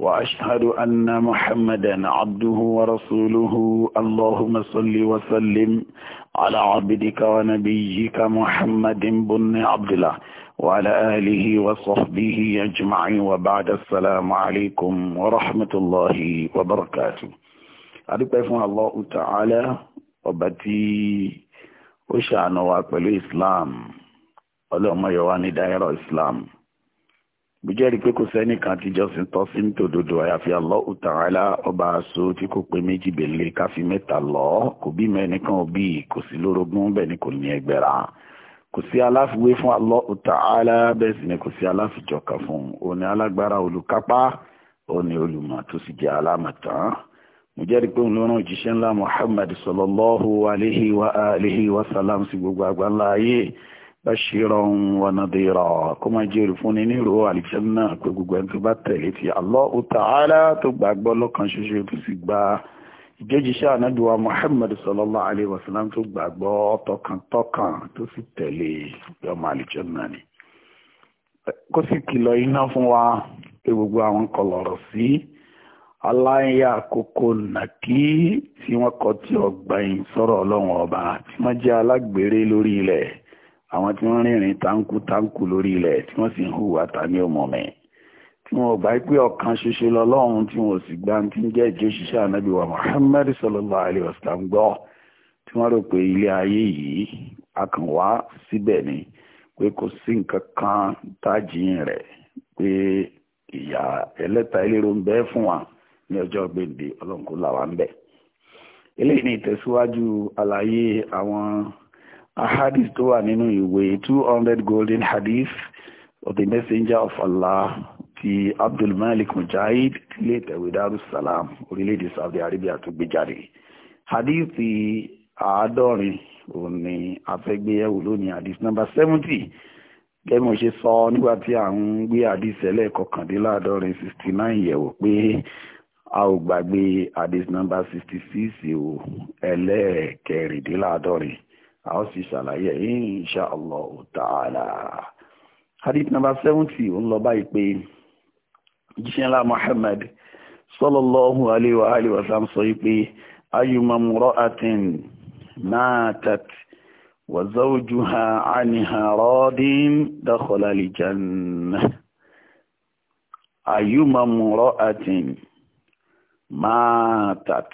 وأشهد أن محمدا عبده ورسوله اللهم صل وسلم على عبدك ونبيك محمد بن عبد الله وعلى آله وصحبه أجمعين وبعد السلام عليكم ورحمة الله وبركاته أدوكي الله تعالى وبتي وشأن واقبل الإسلام ولو ما يواني دائرة الإسلام mo jẹ́rìí pé kò sẹ́nìkan tí jọ́sìn tọ́ sí nítòdodo àyàfi Allahu Ta'ala ọba aṣọ tí kò pé méjì bèlè káfí mẹ́ta lọ kò bí mẹ́nìkan òbí kò sí lórogún bẹ́ẹ̀ ni kò ní ẹgbẹ́ra kò sí aláfiwé fún Allahu Ta'ala bẹ́ẹ̀ sì ni kò sí aláfijọ́ka fún un òní alágbára olùkápá òní olùmọ̀ tó sì jẹ́ alámọ̀tán mo jẹ́rìí pé òun ló òjíṣẹ́ ńlá Muhammad sallallahu alayhi wa alihi wa salam sí gbogbo àgbáńlá ayé bashira wa nadira kó máa jẹ́ olùfúnni ní ìró àlìjẹ́nà pé gbogbo ẹni tó bá ti Allahu ta'ala tó gbàgbọ́ lọ́kàn ṣoṣo tó sì gba ìjẹ́jíṣẹ́ ànábìwá Muhammad sallallahu alayhi wa sallam tó gbàgbọ́ tọkàntọkàn tó sì tẹ̀lé yọmọ àlìjẹ́nà ni kó sì kìlọ̀ iná fún wa pé gbogbo àwọn kọlọ̀rọ̀ sí aláya kókó nàkí tí wọ́n kọ tí ọgbà yìí sọ̀rọ̀ ọlọ́run ọba tí wọ́n jẹ́ alágbèrè lórí ilẹ̀ àwọn tí wọ́n rìnrìn táǹkù táǹkù lórí ilẹ̀ tí wọ́n sì ń ta ní òmọ̀mẹ́ tí wọn gbà pé ọ̀kan ṣoṣo lọ́lọ́run tí wọn sì gbà tí ń jẹ́ ṣiṣẹ́ wa Muhammad sallallahu gbọ́ tí wọ́n ilé ayé a ni pé kò sí nǹkan kan rẹ̀ pé ẹlẹ́ta eléro ń wa ní ọjọ́ gbèǹde ahadith tó wà nínú ìwé 200 golden hadith of the messenger of allah ti abdul malik mujahid tilé ìtẹ̀wé darussalam orílẹ̀-èdè saudi arabia tó gbé jáde hadith àádọ́rin òun ni a fẹ́ gbé yẹ̀wò lónìí hadith number 70 kẹ́mi ò ṣe sọ nígbà tí à ń gbé hadith ẹlẹ́ẹ̀kọkàndínláàdọ́rin 69 yẹ̀wò pé a ò gbàgbé hadith number 66 o ẹlẹ́ẹ̀kẹrìndínláàdọ́rin a ó sì ṣàlàyé insha Allah ta'ala hadith number seventy ó ń lọ báyìí pé jíṣẹ́lá Muhammad sallallahu alayhi wa alihi wa sallam sọ pé ayyuma imra'atin matat wa zawjuha anha radin dakhala al-jannah matat.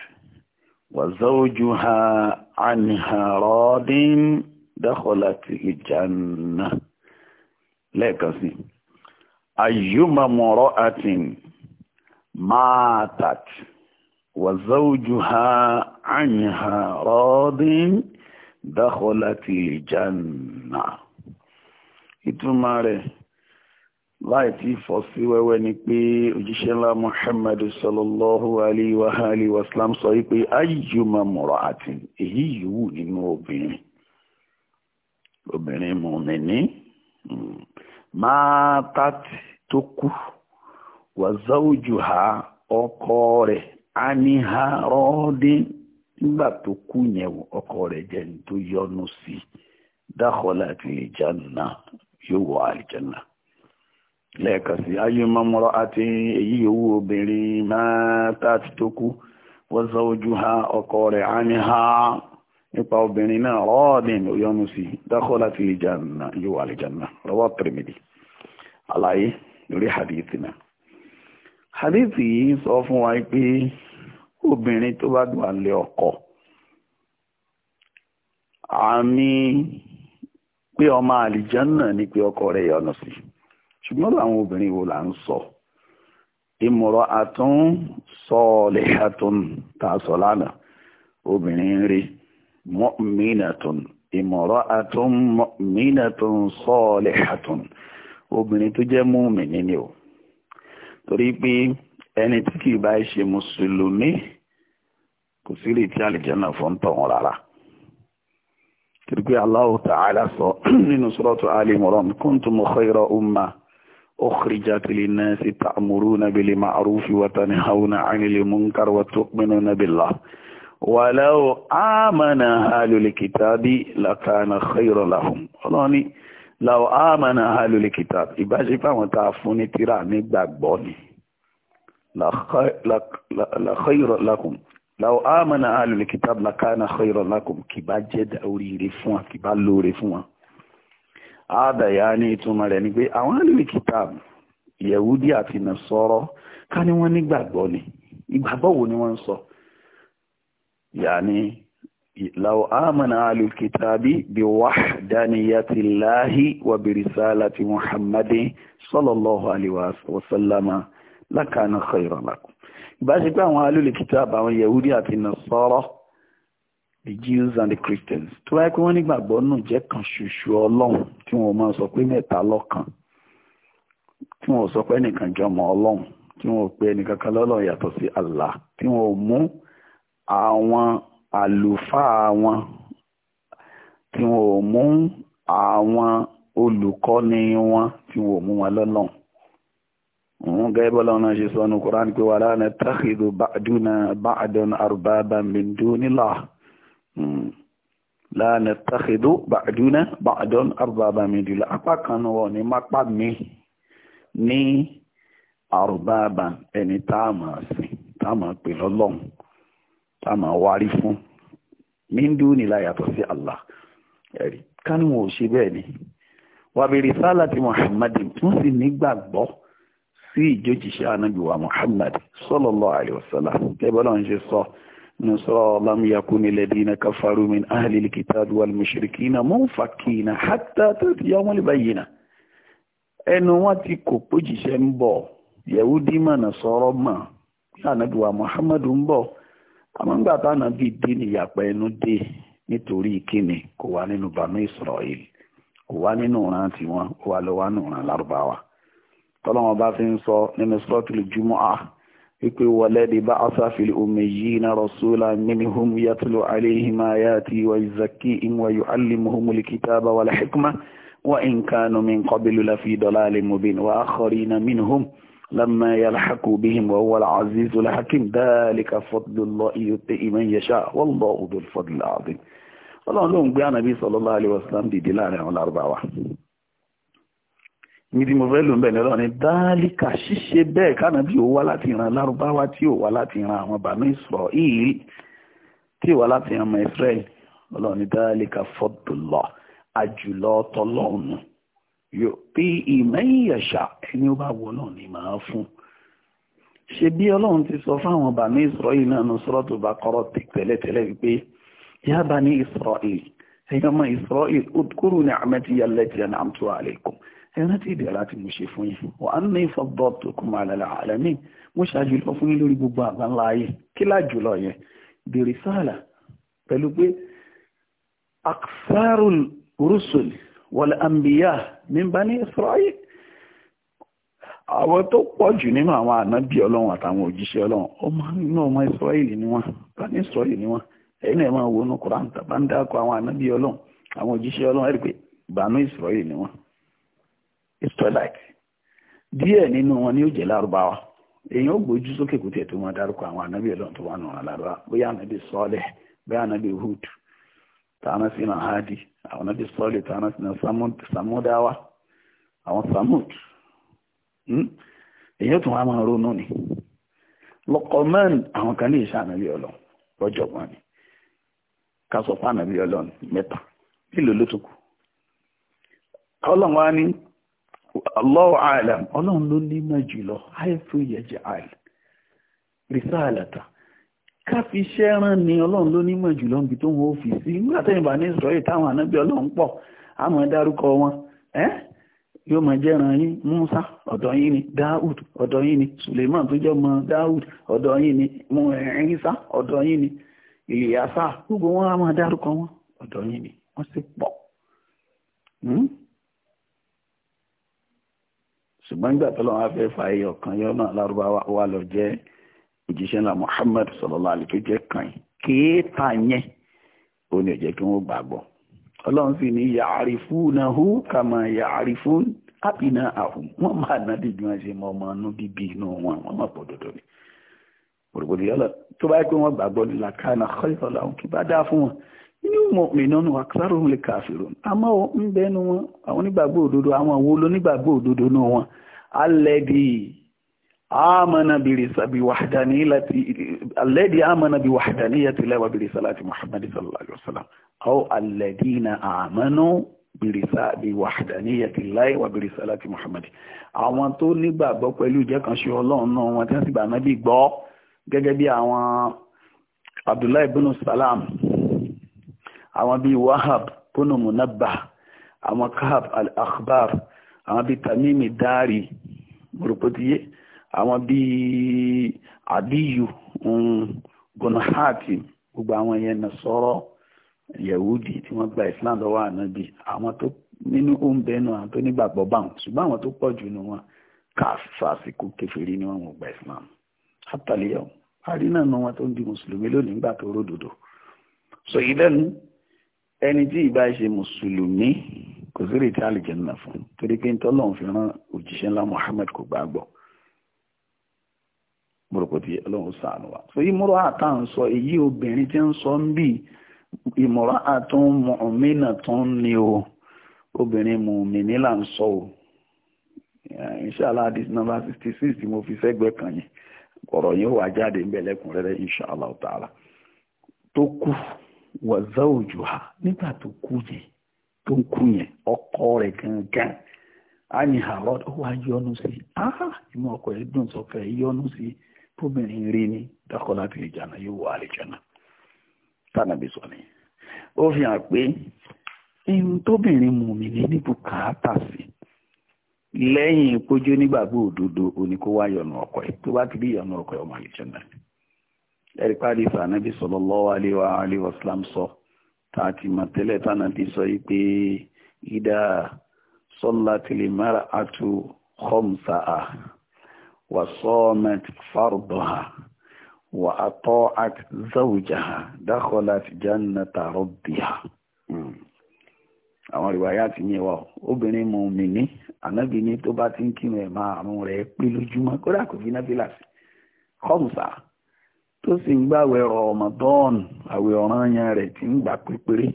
وزوجها عنها راض دخلت الجنة لكن أيما مرأة ماتت وزوجها عنها راض دخلت الجنة إتماري láì tí fọ́ sí wẹ́wẹ́ ni pé òjíṣẹ́ ńlá Muhammad sallallahu alayhi wa alayhi wa sallam sọ wípé ayyuma mura'atin èyí yòówù nínú obìnrin obìnrin mùmìnì hmm, máa tàtí tó kú wà ha ọkọ rẹ̀ ha rọ́ọ́dín nígbà tó kú yẹn ọkọ rẹ̀ jẹ́ ní tó yọnu lẹ́ẹ̀kan sí ayúmọ́ ati àti èyí yòówù obìnrin máa tààtì tó kú wọ́n sọ ojú ha ọkọ rẹ̀ ha nípa obìnrin náà rọ́ọ̀dìn òyọ́nu sí dákọ́ láti lè jàǹnà yóò wà lè jàǹnà rọ́wọ́ pèrèmìdì àlàyé lórí hadithi náà hadithi yìí sọ fún wa ọkọ àmì pé ọmọ àlìjàǹnà ọkọ rẹ̀ ṣùgbọ́n láwọn obìnrin wo là ń sọ ìmọ̀rọ̀ àtún sọ̀ọ̀lẹ̀ àtún tá a sọ lánàá obìnrin rí mọ́mínàtún ìmọ̀rọ̀ àtún mọ́mínàtún sọ̀ọ̀lẹ̀ àtún obìnrin tó jẹ́ mùmínì ni o torí pé ẹni tí kì í bá ṣe mùsùlùmí kò sí lè tí àlìjẹ́nà fún tọ̀hún rárá torí pé Allahu Ta'ala sọ nínú suratu Ali Imran kuntum khayra ummah. أخرجت للناس تأمرون بالمعروف وتنهون عن المنكر وتؤمنون بالله ولو آمن أهل الكتاب لكان خيرا لهم ọlọ́ni لو آمن أهل الكتاب إباجي fáwọn تعفوني تراني fún ní لخير لكم لو آمن أهل الكتاب لكان خيرا لكم kì bá jẹ́ oríire fún àádáyà ní ìtumọ̀ rẹ̀ ni pé àwọn àlùmí kitab yẹ̀wúdí àti nàṣọ́rọ́ ká ní wọ́n nígbàgbọ́ ni ìgbàgbọ́ wo ni wọ́n ń sọ yàní law amana alul kitabi bi wahdaniyati llahi wa bi risalati muhammadin sallallahu alaihi wa sallama lakana khayran lakum bá ṣe pé àwọn alul kitab àwọn yahudi àti nasara the Jews and the Christians tó wáyé pé wọ́n nígbàgbọ́ nù jẹ́ kan ṣoṣo ọlọ́run tí wọ́n máa sọ pé mẹ́ta lọ́kan tí wọ́n sọ pé ẹnìkan jọmọ ọlọ́run tí wọ́n pe ẹnìkankan lọ́lọ́run yàtọ̀ sí Allah tí wọ́n mú àwọn àlùfáà wọn tí wọn ò mú àwọn olùkọ́ni wọn tí wọn ò mú wọn lọ́lọ́run òun gẹ́gẹ́ bọ́lá náà ṣe sọ ní Kùránì pé wala natakhidu ba'duna ba'dan arbaban min dunillah Hmm. láàánà tàkìdó bàdúnà bàdán àrùbábà mìdìlá apá kan wọn ní mápá mi ní àrùbábà ẹni tá a máa sìn tá a máa pè lọ́lọ́run tá a máa wárí fún míndú nílá yàtọ̀ sí Allah ẹ̀rí kánú wọn ò ṣe bẹ́ẹ̀ ni wàbèrè sálà ti Muhammad tún sì nígbàgbọ́ sí ìjójìṣẹ́ anábìwá Muhammad sallallahu alaihi wasallam kẹ́bọ́lá ń ṣe sọ. So نصرى لم يكن الذين كفروا من أهل الكتاب والمشركين منفكين حتى تأتي يوم البينة ẹnu wọn ti kò pójìṣẹ́ ń bọ̀ yẹ̀wúdí mọ̀nà sọ̀rọ̀ mọ̀ ànàdùwà muhammadu ń bọ̀ àmọ́ngbà táwọn bíi dé níyàpẹ́ ẹnu dé nítorí ìkíni kò wá nínú bànú israel kò wá nínú ìran tiwọn kò wá lọ́wọ́ nínú ìran lárúbáwá tọ́lọ́wọ́n bá fi ń sọ nínú sọ́tùlù jùmọ̀ wípé walladhi ba'atha fil ummiyyina rasulan minhum yatlu alayhim ayatihi wa yuzakkihim wa yu'allimuhumul kitaba wal hikma wa in kanu min qablu lafi dalalin mubin wa akharina minhum لما يلحق بهم وهو العزيز الحكيم ذلك فضل الله يؤتي من يشاء والله ذو الفضل العظيم Ọlọ́run ló ń gbé ànàbí sallallahu alaihi wasallam dìde láàrin àwọn lárúbáwá níbi mo fẹ́ lò ń bẹ̀ lọ́rọ̀ ni dáálíkà ṣíṣe bẹ́ẹ̀ kánàbí ò wá láti ìran lárúbáwá tí ò wá láti ìran àwọn bàánú ìsọ̀ ìlú tí ò wá láti ìran ọmọ israẹli ọlọ́run ni dáálíkà fọ́dùlọ́ àjùlọ tọlọ́ọ̀nù yóò bí ìmẹ́yẹ̀ṣà ẹni ó bá wọ náà ni màá fún ṣe bí ọlọ́run ti sọ fáwọn bàánú ìsọ̀ ìlú náà ní sọ́rọ́ tó bá kọ́rọ́ tẹ̀lẹ́tẹ̀lẹ́ wípé yá ẹrántí ìdẹ̀ra tí mo ṣe fún yín wà á ní ìfọ̀bọ̀ tó kún mọ́ àlàlà àlàmì mo ṣáájú lọ fún yín lórí gbogbo àgbáńlá ayé kí láàjù lọ yẹn bèrè sáàlà pẹ̀lú pé aksarul rusul wal anbiya min bani israel àwọn tó pọ̀ jù nínú àwọn ànábì ọlọ́run àtàwọn òjíṣẹ́ ọlọ́run ọmọ inú ọmọ israel ni wọ́n bani israel ni wọ́n ẹ̀yin náà máa wo inú kuran ń dákọ̀ àwọn ànábì ọlọ́run àwọn òjíṣẹ́ ọlọ́run ẹ̀rí pé bani israel ni wọ́n israelite díẹ̀ nínú wọn ni ó jẹ́ lárúbáwá èèyàn ó gbójú sókè kó tiẹ̀ tó wọn dárúkọ àwọn anábì ọlọ́run tó wà nù wọn lárúbá bóyá anábì sọ́ọ̀lẹ̀ bóyá anábì hood tààná sí náà hadi àwọn anábì sọ́ọ̀lẹ̀ tààná sí náà samudawa àwọn samud hmm? èèyàn tó ni àwọn kan ní Allahu alam ọlọ́run ló ní mọ̀ jùlọ haifu yẹjẹ al risalata ni ọlọ́run ló ní mọ̀ jùlọ níbi tó wọ́n fi sí ní Ísírẹ́lì táwọn ànábì ọlọ́run pọ̀ á máa dárúkọ wọn ẹ́ Musa ọ̀dọ̀ ni Suleiman tó jẹ́ Dawud ni ṣùgbọ́n nígbà tó lọ́wọ́ fẹ́ fa ẹyọ kan yọ náà lárúbáwá wa lọ jẹ́ òjíṣẹ́ ńlá Muhammad sallallahu alaihi tó jẹ́ kan kéèta yẹn ó ní ó jẹ́ kí wọ́n gbàgbọ́ ọlọ́run sì ní ya'rifunahu kama ya'rifun ábìnà àhùn wọ́n máa ná bí bí wọ́n ṣe mọ ọmọ inú bíbí inú wọn wọ́n máa pọ̀ dọ̀dọ̀ ni òrògbòdìyàn ni làkàna ní mu'minun wa aktharuhum li kafirun àmọ́ ń bẹnu wọn àwọn onígbàgbọ́ òdodo àwọn wo ló nígbàgbọ́ òdodo náà wọn alẹ́dì amana bi wahdaniyati llahi wa bi risalati muhammad sallallahu alaihi wasallam aw alladina amanu bi wahdaniyati llahi wa bi risalati muhammad àwọn tó nígbàgbọ́ pẹ̀lú ìjẹ́ ọlọ́run náà wọn àwọn bíi wahab bónú munabba àwọn kahab al-akhbar àwọn bíi tamimi dari mọ̀rọ̀pọ̀tìyé àwọn bíi adiyu gunahati um, gbogbo àwọn yẹn na sọ̀rọ̀ yahudi tí wọ́n gba islam lọ́wọ́ ànábì àwọn tó nínú oúnjẹ náà àwọn tó nígbàgbọ́ bá wọn ṣùgbọ́n àwọn tó pọ̀ jù ní wọn káfàásìkò kẹfìrí ni wọn ò gba islam hátàlíyàwó àrí náà wọn tó ń di mùsùlùmí lónìí nígbà tó ródòdó sọ yìí ẹni tí ìbá ṣe mùsùlùmí kò sí rètí àlìjẹ́nà fún torí pé ntọ́lọ́run fi rán òjíṣẹ́ ńlá Muhammad kò gbàgbọ́ burúkutí ọlọ́run sànù wa so ìmúra àtà ń sọ èyí obìnrin tí ń sọ ń bì ìmúra àtà ń mọ ọ̀mìnà tó ń ní o obìnrin mùmìnì là ń sọ o inshallah this number sixty six tí mo fi sẹ́gbẹ̀ẹ́ kàn yẹn ọ̀rọ̀ yẹn wà jáde ń bẹ̀ lẹ́kùnrẹ́rẹ́ inshallah ta'ala tó kù wọ̀zọ́ ha nígbà tó kú yẹn tó kú yẹn ọkọ rẹ̀ gangan wá ọkọ dùn sọ́kẹ́ yọnu sí tóbìnrin rí ni dákọ́lá bìí jàǹdà yóò wọ sọ ni ó fi hàn pé ihun tóbìnrin mùmí ní sí lẹ́yìn ìpójú nígbàgbọ́ òdodo wá yọnu tó bá ti rí yọnu ẹ̀rí pàdé sànàbí sallallahu alaihi wa alihi wasallam sọ tá a ti mọ̀ tẹ́lẹ̀ tánàbí sọ yìí pé ìdá sallatil mar'atu khamsaha wa samat fardaha wa ata'at zawjaha dakhalat jannata rabbiha hmm. àwọn ìwàyà ti yẹn wà obìnrin mu mi ní ànábì ní tó bá ti ń kírun ẹ̀ máa àrùn rẹ̀ pé lójúmọ́ kódà kò fi náfìlà sí khamsaha tó sì ń gbàwẹ̀ Ramadan àwẹ̀ ọ̀ranyàn rẹ̀ tí ń gbà pépéré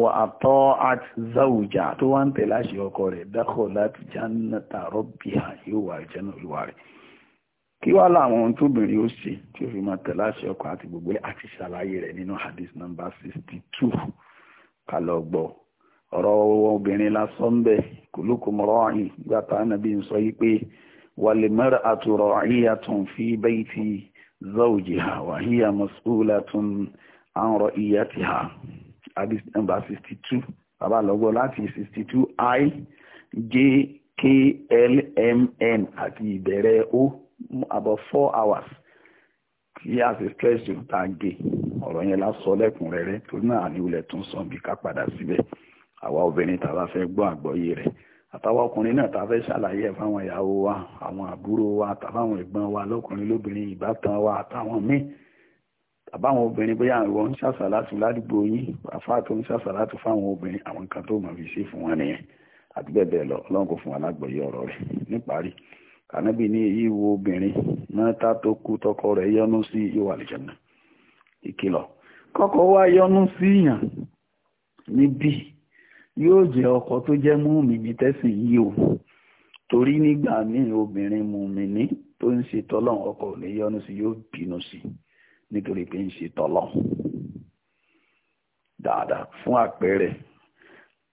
wà àtọ́ at zawuja tó wá ń tẹ̀lé àṣẹ ọkọ rẹ̀ dákọ̀ láti jannata rabbiha yóò wà jẹ́nu ìwà rẹ̀ kí wá láwọn ohun tóbìnrin ó ṣe tí ó fi máa tẹ̀lé àṣẹ ọkọ àti gbogbo àti ṣàlàyé rẹ̀ nínú hadith number sixty two kálọ̀ gbọ́ ọ̀rọ̀ obìnrin lásán bẹ́ẹ̀ kulukum ra'in gbàtà nàbí ń sọ yí pé wal mar'atu ra'iyatun fi bayti zawjiha wa hiya mas'ulatun an ra'iyatiha hadith number sixty two bàbá lọ́gbọ́ sixty two i j k l m n àti ìbẹ̀rẹ̀ o about four hours tí a sì stress yóò tá a gé ọ̀rọ̀ yẹn lásọ lẹ́kùnrẹ́rẹ́ torí náà àníwulẹ̀ tún sàn bí ká padà síbẹ̀ àwa obìnrin tàbá fẹ́ gbọ́ àgbọ́yé rẹ̀ àtàwọn ọkùnrin náà tá a fẹ́ ṣàlàyé ẹ̀ fáwọn ìyàwó wa àwọn àbúrò wa tàbáwọn ẹ̀gbọ́n wa lọ́kùnrin lóbìnrin ìbátan wa àtàwọn míì tàbáwọn obìnrin bóyá àwọn ń ṣàṣàlátù ládùúgbò yín àfa tó ń ṣàṣàlátù fáwọn obìnrin àwọn kan tó mọ̀ fi ṣe fún wọn nìyẹn àti bẹ́ẹ̀ bẹ́ẹ̀ lọ ọlọ́run kò fún wa lágbọ̀ọ́yé ọ̀rọ̀ rẹ̀ níparí kànábì ní èyí wo obìnrin mẹ́ta tó kú tọkọ rẹ̀ yọnu sí ìwà àlìjẹ̀nà ìkìlọ̀ kọ́kọ́ wá yọnu sí yàn níbí yóò jẹ́ ọkọ tó jẹ́ mùmìnì tẹ́sìn yìí o torí nígbà míì obìnrin mùmìnì tó ń ṣe tọ́lọ̀ ọkọ ò ní yọ́nú sí yóò bínú sí nítorí pé ń ṣe tọ́lọ̀ dáadáa fún àpẹẹrẹ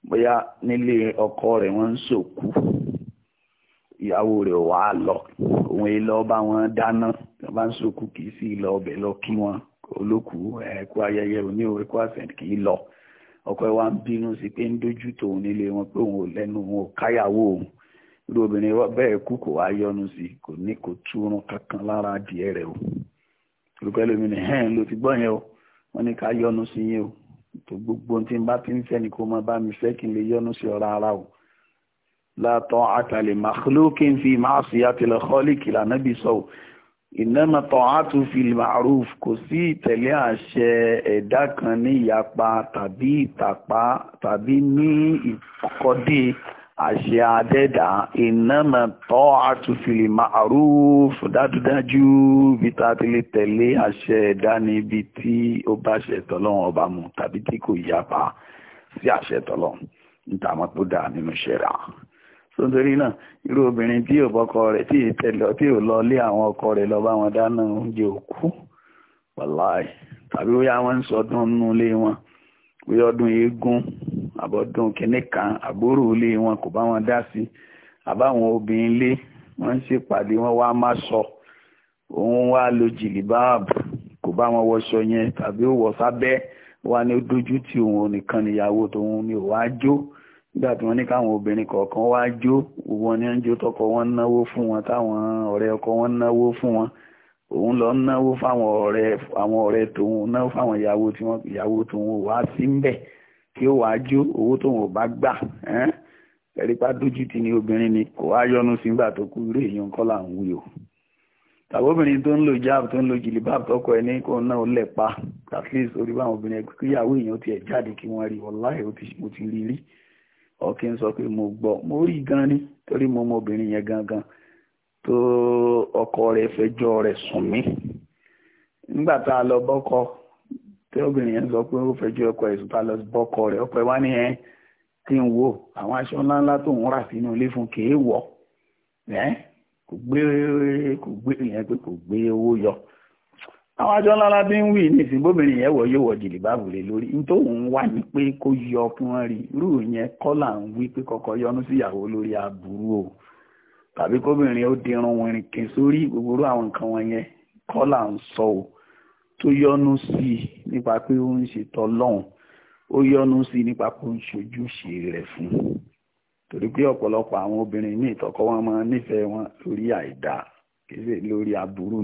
bóyá nílé ọkọ rẹ̀ wọ́n ń sòkú ìyàwó rẹ̀ wà á lọ òun ilé ọba wọn dáná wọn bá ń sòkú kì í sí ilé ọbẹ̀ lọ kí wọn olókùú ẹ̀kú ayẹyẹ oní òwe àṣẹ kì í lọ ọkọ ẹ̀ wá ń bínú sí pé ń dójú tòun nílé wọn pé òun ò lẹ́nu òun ò káyàwó òun irú obìnrin bẹ́ẹ̀ kú kò wá yọnu sí kò ní kò túrun kankan lára adìẹ rẹ̀ o olùkọ́ ẹlòmíì ni hẹ́n ló ti gbọ́ yẹn o wọ́n ní ká yọnu sí yẹn o tó gbogbo tí n bá ti ń fẹ́ ni kó máa bá mi fẹ́ kí n lè yọnu sí ọ rárá o látọ̀ àtàlẹ̀ màkúlókè ń fi máa sì àtìlẹ̀ kọ́líkì lànà bí sọ ìnáma tọ́hátù fil ma'ruf kò sí ìtẹ̀lé àṣẹ ẹ̀dá kan ní ìyapa tàbí ìtàpá tàbí ní ìkọ́dé àṣẹ adẹ́dà ìnáma tọ́hátù fil ma'ruf dájúdájú bí tá a ti lè tẹ̀lé àṣẹ ẹ̀dá níbi tí ó bá ṣe tọ́lọ́run ọba mu tàbí tí kò yapa sí àṣẹ tọ́lọ́run níta mọ́ tó dáa nínú ṣẹ̀ra sóńtorí náà irú obìnrin tí ò bọ́kọ rẹ̀ tí ì tẹ̀lọ tí ò lọ lé àwọn ọkọ rẹ̀ lọ bá wọn dáná oúnjẹ òkú wàláì tàbí bóyá wọn ń sọdún nínú ilé wọn bóyá ọdún eégún àbọ̀dún kìnnì kan àbúrò ilé wọn kò bá wọn dá sí àbáwọn obìnrin ilé wọn ń ṣèpàdé wọn wá má sọ òun wá lo jìlìbáàbù kò bá wọn wọṣọ yẹn tàbí ó wọ sábẹ́ wá ní dójú tí òun nìkan níyàwó tóun ni ò wá jó nígbà tí wọ́n ní káwọn obìnrin kọ̀ọ̀kan wá jó wọn ní ń jó tọkọ wọn náwó fún wọn táwọn ọ̀rẹ́ ọkọ wọn náwó fún wọn òun lọ náwó fáwọn ọ̀rẹ́ àwọn ọ̀rẹ́ tòun náwó fáwọn ìyàwó tí wọ́n ìyàwó tòun wá sí ń bẹ̀ kí ó wá jó owó tóun ò bá gbà ẹ̀rípa dójú ti ni obìnrin ni kò wá yọnu sí nígbà tó kú irú èèyàn kọ́ là ń wí o tàbí obìnrin tó ń lo jab tó ń lo jìlìbáàb tọkọ ẹ ní kó náà lẹ̀ pa at least orí báwọn obìnrin ẹgbẹ́ kíyàwó èèyàn ti jáde kí wọ́n rí ọláì mo ti rí rí ọ̀kí ń sọ pé mo gbọ́ mo rí gan ni torí mo mọ obìnrin yẹn gangan tó ọkọ rẹ̀ fẹjọ́ rẹ̀ sùn mí nígbà tá a lọ bọ́kọ tí obìnrin yẹn sọ pé ó fẹjọ́ ọkọ ẹ̀ sùn tá a lọ bọ́kọ rẹ̀ ọkọ ẹ̀ wá ní ẹ̀ kí n wo àwọn aṣọ ńláńlá tó ń rà sínú ilé fún kì í kò gbé kò gbé ìyẹn pé kò gbé owó yọ àwọn àjọ ńláńlá bí ń wí nísìnyí bóbìnrin yẹn wọ yóò wọ jìlì báàbùlé lórí ní tóun wà ní pé kó yọ kí wọ́n rí irú yẹn kọ́là ń wí pé kọ́kọ́ yọnu síyàwó lórí aburú o tàbí kóbìnrin ó dirun wìnrìn kì sórí gbogbo àwọn nǹkan wọn yẹn kọ́là ń sọ o tó yọnu sí i nípa pé ó ń ṣètò ọlọ́run ó yọnu sí i nípa pé ó ń ṣojúṣe rẹ̀ fún un torí pé ọ̀pọ̀lọpọ̀ àwọn obìnrin ní ìtọ́kọ́ wọn máa nífẹ̀ẹ́ wọn lórí àìdáa kì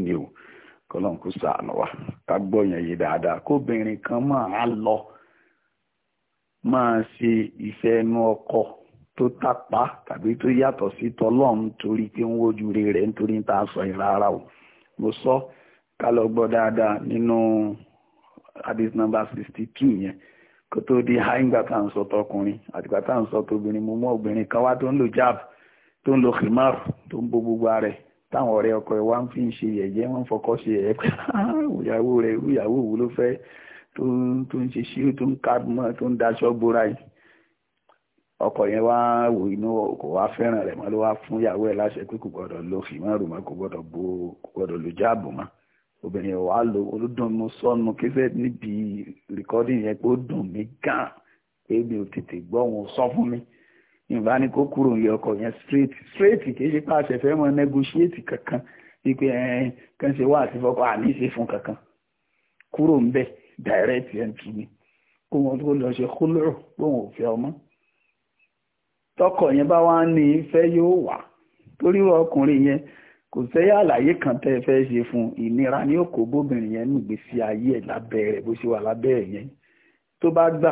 ni o kọlọ́n kó sàánù wa ká gbọ́yàn yìí dáadáa kóbìnrin kan máa lọ máa ṣe ìfẹ́ ẹnu ọkọ tó tàpá tàbí tó yàtọ̀ sí tọlọ́run torí pé ń wojú rẹ̀ nítorí tá a sọ yìí rárá o mo sọ ká lọ gbọ́ dáadáa nínú hadith number sixty two yẹn kó tó di háìngbà tá à ń sọ tọkùnrin àtìgbà tá à ń sọ tóbìnrin mo mọ obìnrin kan wá tó ń lo jab tó ń lo khimar tó ń bo gbogbo ara rẹ̀ táwọn ọ̀rẹ́ ọkọ ẹ̀ wá ń fi ń ṣe yẹ̀yẹ́ wọ́n ń fọkọ́ ṣe yẹ̀yẹ́ pé ah, ìyàwó rẹ̀ irú ìyàwó wo ló fẹ́ tó ń ṣe sí tó ń ká mọ́ tó ń daṣọ bóra yìí ọkọ yẹn wá wò inú kò wá fẹ́ràn rẹ̀ mọ́ ló wá fún ìyàwó ẹ̀ láṣẹ pé kò gbọ́dọ̀ lo fìmọ́rù mọ́ kò gbọ́dọ̀ bo kò gbọ́dọ̀ lo jáàbù mọ́ obìnrin wa lo olódùn sọnù kífẹ́ níbi rìkọ́dì yẹn pé ó dùn mí gan pé mi ò tètè gbọ́ òun sọ fún mi ìbá ní kó kúrò ní ọkọ̀ yẹn straight straight kì í ṣe pé àṣẹ fẹ́ mọ negotiate kankan wípé ẹ̀ẹ́n kan ṣe wá àti fọkọ àní ṣe fún kankan kúrò ń bẹ̀ direct entry ni kó wọn tó lọ ṣe kúlọ̀ bóun ò fẹ́ ọmọ tọkọ yẹn bá wá ní ìfẹ́ yóò wà torí ọkùnrin yẹn kò sẹ́yà àlàyé kan tẹ́ ẹ fẹ́ ṣe fún ìnira ní òkò bóbìnrin yẹn nùgbésí ayé ẹ̀ lábẹ́ rẹ̀ bó ṣe wà lábẹ́ ẹ̀ yẹn tó bá gbà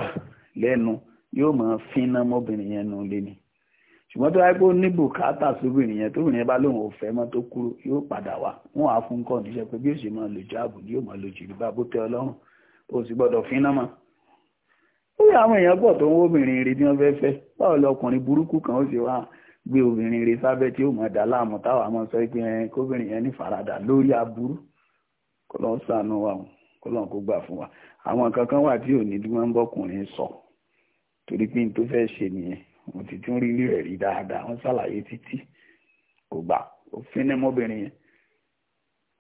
lẹ́nu yóò máa fínná mọ́bìnrin yẹn nù lé ni ṣùgbọ́n tó wáyé pé ó ní bùkátà sóbìnrin yẹn tóbìnrin yẹn bá lóun ò fẹ́ mọ́ tó kúrò yóò padà wá wọn á fún kàn níṣẹ́ pé bí ó ṣe máa lò jáàbù ni yóò máa lò jìrì bá bó tẹ ọlọ́run ó sì gbọ́dọ̀ fínná mọ́ ó yẹ àwọn èèyàn pọ̀ tó ń wóbìnrin rí tí wọ́n fẹ́ fẹ́ báwo lọkùnrin burúkú kan ó sì wá gbé obìnrin rí sábẹ́ tí ó mọ̀ dá láàmú táwa mọ̀ sọ pé kóbìnrin yẹn ní faradà lórí aburú kó lọ́n sànú wa kó lọ́n kó gbà fún wa àwọn kankan wà tí ò ní bí ń bọ́kùnrin sọ torí pé n tó fẹ́ ṣe nìyẹn wọ́n ti tún rí rẹ̀ rí dáadáa wọ́n ṣàlàyé títí kò gbà ó fínẹ́ mọ́bìnrin yẹn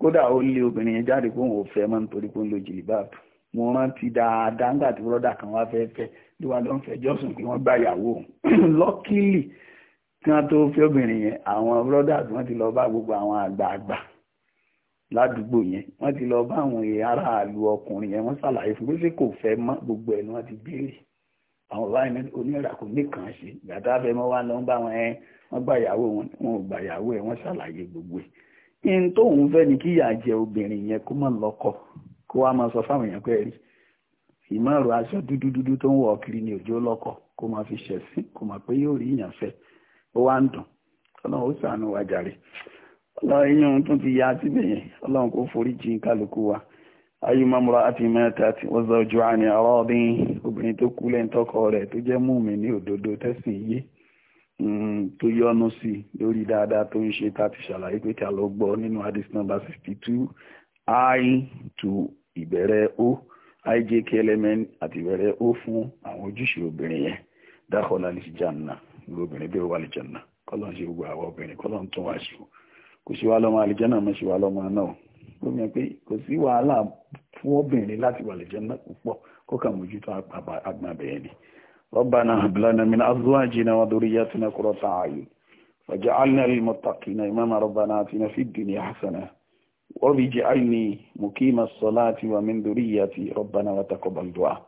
kódà ó lé obìnrin yẹn jáde pé òun ò fẹ́ mọ́ nítorí pé ó ń lo jìlìbáàbù mo rántí dáadáa nígbà tí bọ́dà kan wá fẹ́ fẹ́ ló wá lọ́n fẹ́ jọ́sùn pé wọ́n gbà ìyàwó lọ́kìlì kí wọ́n tó fi obìnrin yẹn àwọn bọ́dà tí wọ́n ti lọ bá gbogbo àwọn àgbààgbà ládùúgbò yẹn wọ́n ti lọ bá àwọn aráàlú ọkùnrin yẹn wọ́n ṣàlàyé fún pé ṣé kò fẹ́ mọ́ gbogbo ẹ̀ ni wọ́n ti béèrè àwọn ọba ẹni oníràkú nìkan ṣe gbàtà abẹmọ wa lọ ń bá wọn ẹ wọn gba ìyàwó wọn wọn gba ìyàwó ẹ wọn ṣàlàyé gbogbo ẹ ní tóun fẹ́ ni kí ìyà jẹ obìnrin yẹn kó má lọ́kọ kó wá máa sọ fáwọn èèyàn pé rí ìmọ̀rù aṣọ dúdú dúdú tó ń wọ̀ kiri ní òjò lọ́kọ kó máa fi ṣẹ̀sìn kó máa pé yóò rí ìyàn fẹ́ ó wá ń dùn ọlọ́run ó ṣàánú wa jàre ọlọ́run yín tún ti ya síbẹ̀ yẹn ọlọ́run kó forí jìn kálukú wa ayuma mura'atin matat wa zawjuha an aradin obìnrin tó kú lẹ́yìn tọkọ rẹ̀ tó jẹ́ mùmínì òdodo tẹ́sìn yé mm, tó yọnu sí lórí dáadáa tó ń ṣe tá a ṣàlàyé pé kí a lọ gbọ́ nínú hadith number sixty two i to ìbẹ̀rẹ̀ o ijklmn àti ìbẹ̀rẹ̀ o fún àwọn ojúṣe obìnrin yẹn dákọ̀ọ́lá lè ṣe jàǹnà lóbìnrin bí ó wà lè jàǹnà kọ́lọ́ ń ṣe gbogbo àwọn obìnrin kọ́lọ́ ń tún wá ṣe kò sí wa lọ́mọ àlìjẹ́nà mọ́ sí wa lọ́mọ náà ó mọ̀ pé kò sí wàhálà fún obìnrin láti wà lè jẹ́ náà púpọ̀ kó kà mójútó agbábẹ̀ẹ́ ni ربنا هب لنا من أزواجنا وذرياتنا قرة أعين وجعلنا للمتقين إماما ربنا آتنا في الدنيا حسنة وارجعلني مقيم الصلاة ومن ذريتي ربنا وتقبل دعاء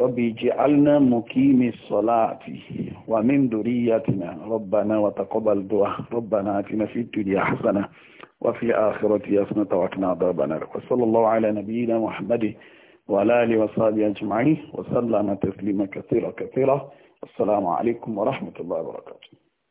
ربي جعلنا مقيم الصلاة ومن ذريتنا ربنا وتقبل دعاء ربنا آتنا في الدنيا حسنة وفي الآخرة حسنة وقنا ضربنا وصلى الله على نبينا محمد وعلى آله وصحبه أجمعين وسلم تسليما كثيرا كثيرا السلام عليكم ورحمة الله وبركاته